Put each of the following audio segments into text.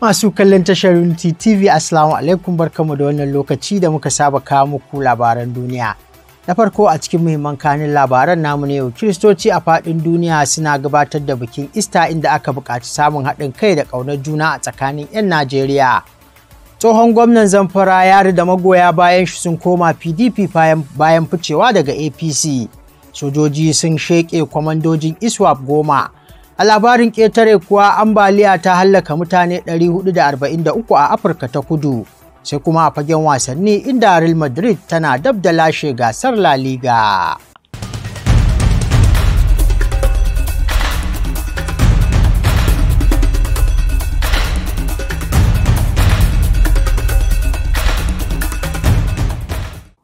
Masu kallon tashar Unity TV Assalamu alaikum barkamu da wannan lokaci da muka saba kawo muku labaran duniya. Na farko a cikin muhimman kanin labaran namu ne yau Kiristoci a faɗin duniya suna gabatar da bikin Ista inda aka buƙaci samun haɗin kai da ƙaunar juna a tsakanin 'yan Najeriya. Tsohon gwamnan Zamfara ya da magoya bayan shi sun koma PDP bayan ficewa daga APC. Sojoji sun sheƙe kwamandojin ISWAP goma. A labarin ƙetare kuwa ambaliya ta hallaka mutane 443 a Afirka ta kudu, sai kuma a fagen wasanni inda Real Madrid tana dab da lashe gasar La Liga.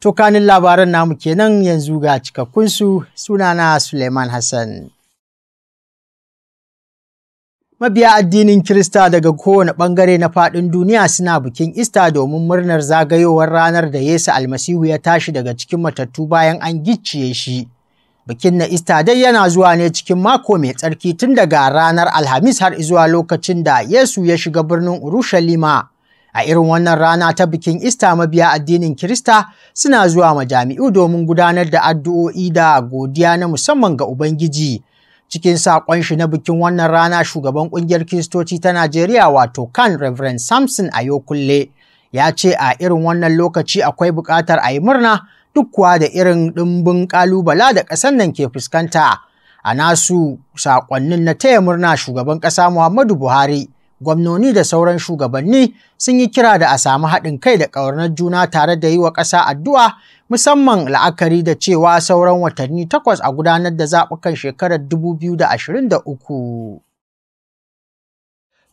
Tokanin labaran namu kenan yanzu ga cikakkunsu sunana Suleiman Hassan. Mabiya addinin Kirista daga kowane ɓangare na faɗin duniya suna bikin Ista domin murnar zagayowar ranar da Yesu almasihu ya tashi daga cikin matattu bayan an gicciye shi. Bikin na Ista dai yana zuwa ne cikin mako mai tsarki tun daga ranar Alhamis har zuwa lokacin da Yesu ya shiga birnin Urushalima. A irin wannan rana ta bikin Ista mabiya addinin Kirista suna zuwa majami'u domin gudanar da addu'o'i da godiya na musamman ga Ubangiji Cikin saƙon shi na bikin wannan rana shugaban ƙungiyar Kiristoci ta Najeriya wato kan Reverend Samson Ayokulle ya ce a irin wannan lokaci akwai buƙatar a yi murna duk kuwa da irin ɗimbin ƙalubala da ƙasar nan ke fuskanta. A nasu saƙonnin na taya murna shugaban ƙasa Muhammadu Buhari gwamnoni da sauran shugabanni sun yi kira da a samu haɗin kai da ƙaunar juna tare da yi wa ƙasa addu'a musamman la'akari da cewa sauran watanni takwas a gudanar da zaɓukan shekarar 2023.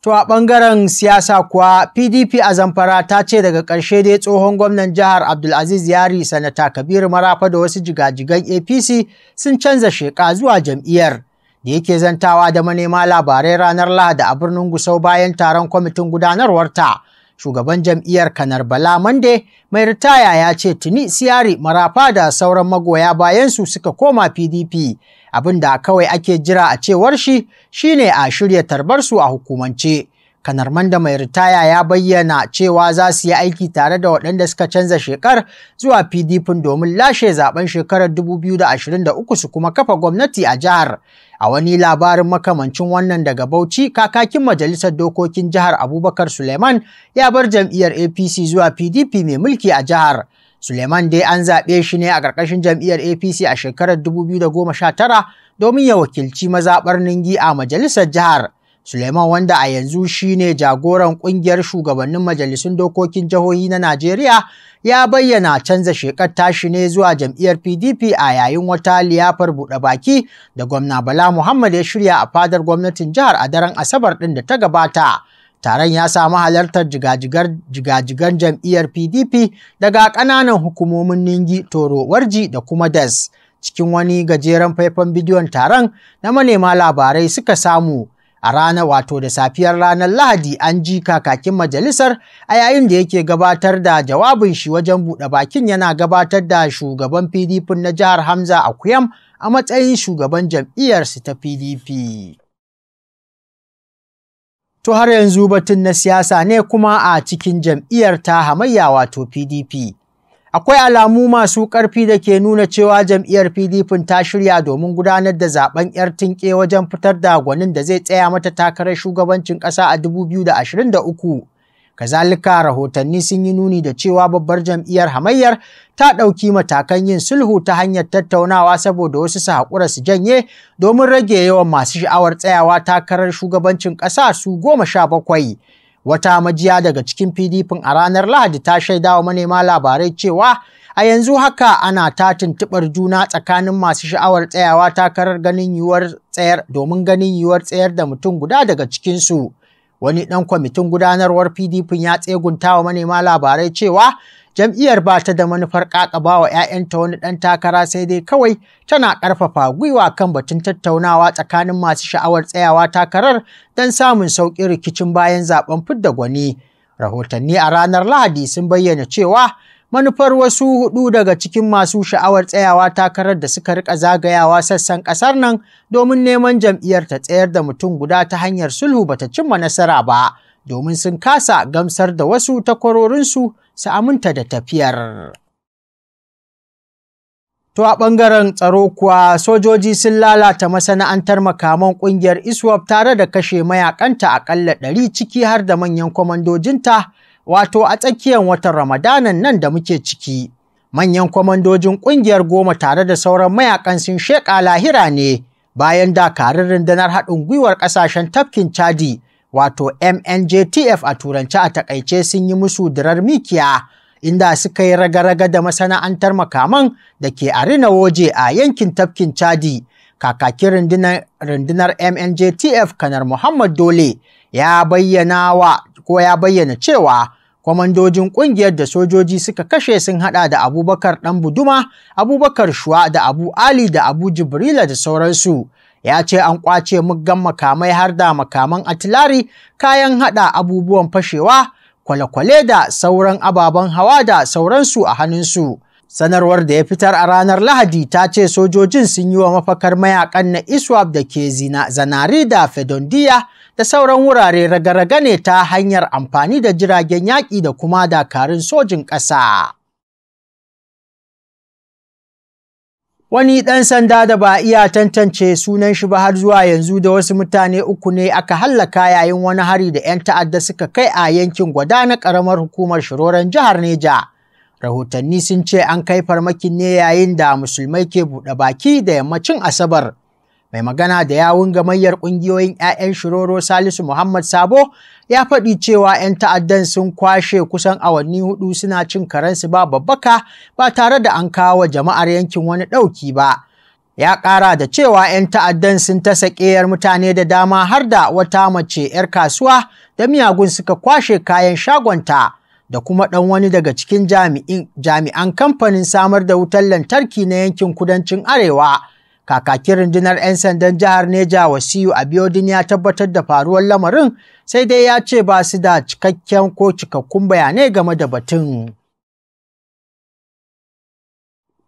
To a ɓangaren siyasa kuwa PDP a Zamfara ta ce daga ƙarshe dai tsohon gwamnan jihar Abdulaziz Yari sanata Kabiru Marafa da wasu jigajigan APC sun canza sheƙa zuwa jam'iyyar. da yake zantawa da manema labarai ranar Lahadi a birnin Gusau bayan taron kwamitin gudanarwarta. Shugaban jam'iyyar Kanar Bala Mande mai ritaya ya ce tuni siyari marafa da sauran magoya bayansu suka koma PDP. Abin da kawai ake jira a cewar shi shine a shirya tarbarsu a hukumance. kanarman da mai ritaya ya bayyana cewa za su yi aiki tare da waɗanda suka canza shekar zuwa pdp domin lashe zaben shekarar 2023 su kuma kafa gwamnati a jihar a wani labarin makamancin wannan daga bauchi kakakin majalisar dokokin jihar abubakar suleiman ya bar jam'iyyar apc zuwa pdp mai mulki a jihar Suleiman dai an zaɓe shi ne a ƙarƙashin jam'iyyar APC a shekarar 2019 domin ya wakilci mazaɓar Ningi a majalisar jihar. Suleiman wanda a yanzu shine jagoran kungiyar shugabannin majalisun dokokin jihohi na Najeriya ya bayyana canza shekar tashi ne zuwa jam'iyyar PDP a yayin wata liyafar buɗe baki da gwamna Bala Muhammad ya shirya a fadar gwamnatin jihar a daren Asabar ɗin da ta gabata. Taron ya samu halartar jigajigan jam'iyyar PDP daga ƙananan hukumomin Ningi, Toro, Warji da kuma des. Cikin wani gajeren faifan bidiyon taron na manema labarai suka samu A ranar wato da safiyar ranar Lahadi an ji kakakin majalisar a yayin da yake gabatar da jawabin shi wajen buɗe bakin yana gabatar da shugaban PDP na jihar Hamza a Akuyam a matsayin shugaban jam'iyyarsu ta PDP. To har yanzu batun na siyasa ne kuma a cikin jam'iyyar ta hamayya wato PDP. Akwai alamu masu ƙarfi da ke nuna cewa jam'iyyar PDP ta shirya domin gudanar da zaben 'yar tinke wajen fitar da gwanin da zai tsaya mata takarar shugabancin ƙasa a 2023. Kazalika rahotanni sun yi nuni da cewa babbar jam'iyyar hamayyar ta ɗauki matakan yin sulhu ta hanyar tattaunawa saboda wasu su haƙura su janye domin rage yawan masu sha'awar tsayawa takarar shugabancin ƙasa su goma sha bakwai. Wata majiya daga cikin PDP a ranar Lahadi ta shaidawa manema labarai cewa a yanzu haka ana ta tuntuɓar juna tsakanin masu sha'awar tsayawa takarar ganin yiwuwar tsayar domin ganin yiwuwar tsayar da mutum guda daga cikinsu. Wani ɗan kwamitin gudanarwar PDP ya tsegunta wa manema labarai cewa jam'iyyar ba ta da manufar ƙaƙaba wa 'ya'yanta wani ɗan takara sai dai kawai tana ƙarfafa gwiwa kan batun tattaunawa tsakanin masu sha'awar tsayawa takarar don samun sauƙin rikicin bayan zaben fidda gwani. Rahotanni a ranar Lahadi sun bayyana cewa manufar wasu hudu daga cikin masu sha'awar tsayawa takarar da suka rika zagayawa sassan ƙasar nan domin neman jam'iyyar ta tsayar da mutum guda ta hanyar sulhu bata cimma nasara ba. domin sun kasa gamsar da wasu takwarorinsu su aminta da tafiyar. To a ɓangaren tsaro kuwa sojoji sun lalata masana'antar makaman ƙungiyar ISWAP tare da kashe mayakanta ƙalla ɗari ciki har da manyan kwamandojinta wato a tsakiyar watan Ramadanan nan da muke ciki. Manyan kwamandojin ƙungiyar goma tare da sauran mayakan sun sheƙa lahira ne bayan dakarun rundunar haɗin gwiwar ƙasashen tafkin Chadi wato MNJTF a turance a takaice sun yi musu dirar mikiya inda suka yi raga-raga da masana'antar makaman da ke a woje a yankin tafkin Chadi. Kakakin rundunar MNJTF kanar Muhammad Dole ya bayyana wa ko ya bayyana cewa kwamandojin ƙungiyar da sojoji suka kashe sun hada da abubakar dan buduma abubakar shuwa da abu ali da abu jibrila da sauransu ya ce an ƙwace muggan makamai har da makaman atilari kayan haɗa abubuwan fashewa kwale-kwale da sauran ababen hawa da sauransu a hannunsu. Sanarwar da ya fitar a ranar Lahadi ta ce sojojin sun yi wa mafakar mayakan na ISWAP da ke zina zanari da Fedondiya da sauran wurare raga-raga ne ta hanyar amfani da jiragen yaƙi da kuma dakarun sojin ƙasa. Wani ɗan sanda da ba iya tantance sunan shi ba har zuwa yanzu da wasu mutane uku ne aka hallaka yayin wani hari da 'yan ta'adda suka kai a yankin gwada na ƙaramar hukumar shiroren jihar Neja. Rahotanni sun ce an kai farmakin ne yayin da musulmai ke buɗe baki da yammacin Asabar. mai magana da yawun gamayyar ƙungiyoyin 'ya'yan shiroro salisu muhammad sabo ya faɗi cewa 'yan ta'addan sun kwashe kusan awanni hudu suna cin karensu ba babbaka ba tare da an kawo jama'ar yankin wani ɗauki ba ya ƙara da cewa 'yan ta'addan sun ta saƙeyar mutane da dama har da wata mace 'yar kasuwa da miyagun suka kwashe kayan shagonta da kuma ɗan wani daga cikin jami'an kamfanin samar da wutar lantarki na yankin kudancin arewa kakakin rundunar 'yan sandan jihar Neja Wasiyu Abiodun ya tabbatar da faruwar lamarin sai dai ya ce ba su da cikakken ko cikakkun bayanai game da batun.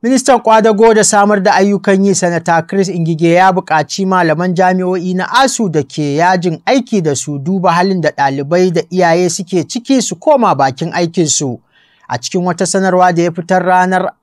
Ministan kwadago da samar da ayyukan yi sanata Chris Ingige ya buƙaci malaman jami'o'i na ASU da ke yajin aiki da su duba halin da ɗalibai da iyaye suke ciki su koma bakin aikinsu. A cikin wata sanarwa da ya fitar ranar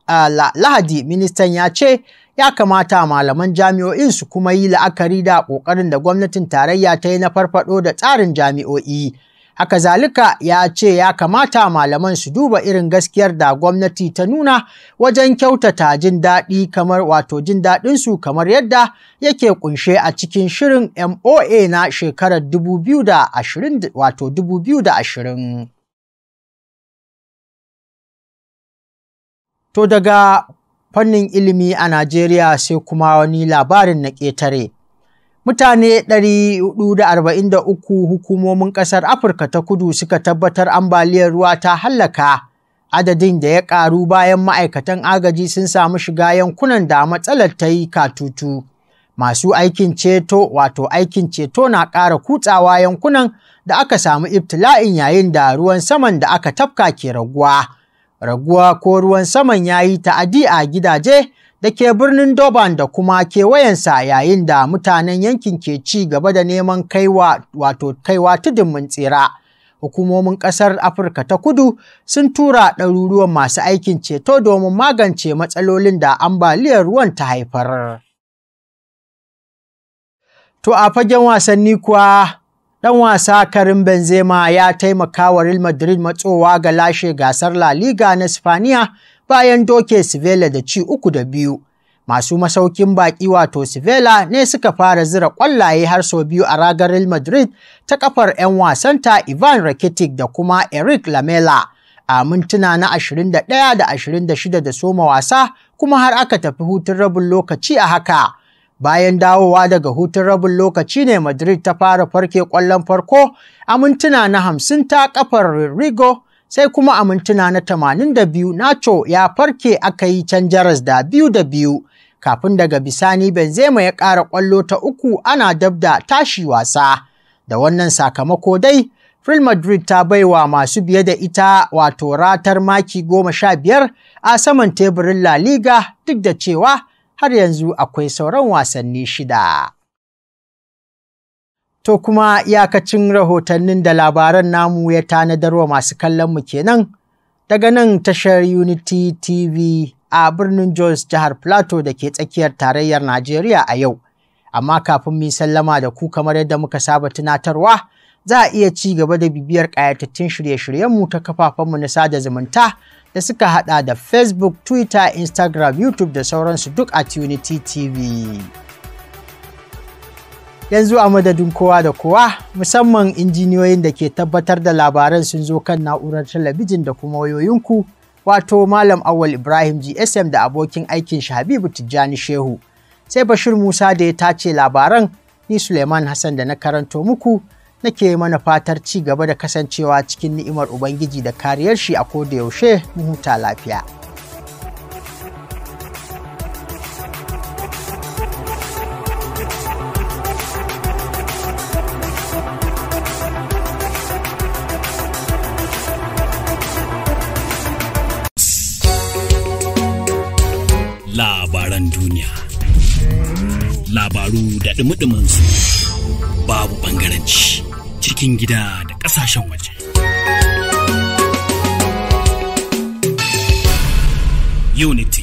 Lahadi, ministan ya ce ya kamata malaman jami'o'in su kuma yi la'akari da ƙoƙarin da gwamnatin tarayya ta yi na farfaɗo da tsarin jami'o'i. Haka zalika ya ce ya kamata malaman su duba irin gaskiyar da gwamnati ta nuna wajen kyautata jin daɗi kamar wato jin daɗinsu kamar yadda yake kunshe a cikin shirin MOA na shekarar 2020 wato 2020. To daga fannin ilimi a Najeriya sai kuma wani labarin na ƙetare. Mutane 443 hukumomin ƙasar Afirka ta kudu suka tabbatar ambaliyar ruwa ta hallaka adadin da ya ƙaru bayan ma'aikatan agaji sun samu shiga yankunan da matsalar ta yi katutu. Masu aikin ceto wato aikin ceto na ƙara kutsawa yankunan da aka samu ibtila'in yayin da ruwan saman da aka tafka ke raguwa. raguwa ko ruwan saman ya yi ta'adi a gidaje da ke birnin Durban da kuma kewayensa yayin da mutanen yankin ke ci gaba da neman kaiwa wato kaiwa tudun mun tsira. Hukumomin ƙasar Afirka ta kudu sun tura ɗaruruwan masu aikin ceto domin magance matsalolin da ambaliyar ruwan ta haifar. To a fagen wasanni kuwa Ɗan wasa Karim Benzema ya taimaka wa Real Madrid matsowa ga lashe gasar La Liga na Spaniya bayan doke Sevilla da ci uku da biyu. Masu masaukin baƙi wato Sevilla ne suka fara zira ƙwallaye har sau biyu a ragar Real Madrid ta kafar 'yan wasanta Ivan Rakitic da kuma Eric Lamela a mintuna na 21 da 26 da soma wasa kuma har aka tafi hutun rabin lokaci a haka. Bayan dawowa daga hutun rabin lokaci ne Madrid ta fara farke kwallon farko a mintuna na hamsin ta kafar Rigo sai kuma a mintuna na tamanin da biyu Nacho ya farke aka yi can jaras da biyu da biyu kafin daga bisani Benzema ya ƙara ƙwallo ta uku ana dab da tashi wasa. Da wannan sakamako dai, Real Madrid ta baiwa masu biye da ita wato ratar maki goma sha biyar a saman teburin La Liga duk da cewa har yanzu akwai sauran wasanni shida. To kuma iyakacin rahotannin da labaran namu ya tanadarwa masu kallon mu kenan daga nan tashar Unity TV a birnin Jos jihar Plateau da ke tsakiyar tarayyar Najeriya a yau. Amma kafin mu sallama da ku kamar yadda muka saba tunatarwa, za a iya ci gaba da bibiyar ƙayatattun shirye-shiryenmu ta kafafenmu na sada zumunta da suka hada da Facebook, Twitter, Instagram, YouTube da sauransu duk a Unity TV. Yanzu a madadin kowa da kowa, musamman injiniyoyin da ke tabbatar da labaran sun zo kan na'urar talabijin da kuma wayoyinku, wato Malam Awal Ibrahim GSM da abokin aikin shi Habibu Tijjani Shehu. Sai Bashir Musa da ya tace labaran, ni Suleiman Hassan da na karanto muku. nake mana fatar ci gaba da kasancewa cikin ni'imar Ubangiji da kariyar shi a koda yaushe mu huta lafiya. labaran duniya. Labaru da ɗumi su babu ɓangaranci. cikin gida da ƙasashen waje. Unity